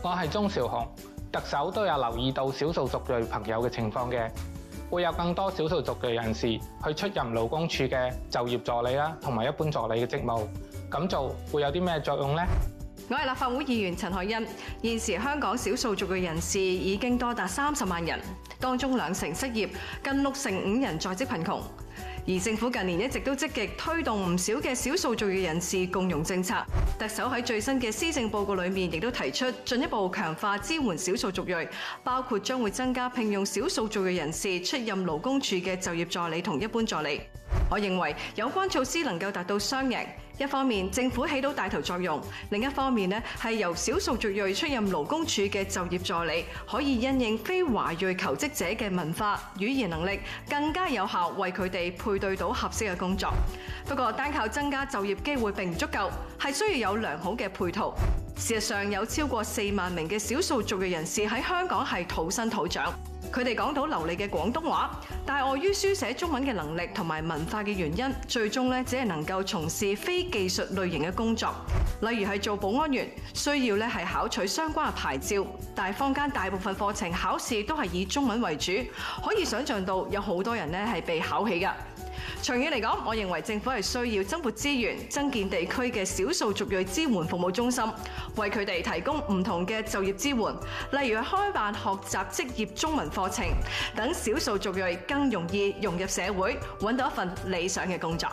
我係鍾兆鴻，特首都有留意到少數族裔朋友嘅情況嘅，會有更多少數族裔人士去出任勞工處嘅就業助理啦，同埋一般助理嘅職務，咁做會有啲咩作用呢？我係立法會議員陳凱欣。現時香港少數族裔人士已經多達三十萬人，當中兩成失業，近六成五人在職貧窮。而政府近年一直都積極推動唔少嘅少數族裔人士共融政策。特首喺最新嘅施政報告裏面亦都提出進一步強化支援少數族裔，包括將會增加聘用少數族裔人士出任勞工處嘅就業助理同一般助理。我認為有關措施能夠達到雙贏。一方面政府起到帶頭作用，另一方面咧係，由少數族裔出任勞工處嘅就業助理，可以因應非華裔求職者嘅文化語言能力，更加有效為佢哋配對到合適嘅工作。不過單靠增加就業機會並唔足夠，係需要有良好嘅配套。事實上有超過四萬名嘅少數族裔人士喺香港係土生土長，佢哋講到流利嘅廣東話，但係礙於書寫中文嘅能力同埋文化嘅原因，最終咧只係能夠從事非技術類型嘅工作，例如係做保安員，需要咧係考取相關嘅牌照，但係坊間大部分課程考試都係以中文為主，可以想像到有好多人呢係被考起㗎。長遠嚟講，我認為政府係需要增撥資源，增建地區嘅少數族裔支援服務中心，為佢哋提供唔同嘅就業支援，例如開辦學習職業中文課程等，少數族裔更容易融入社會，搵到一份理想嘅工作。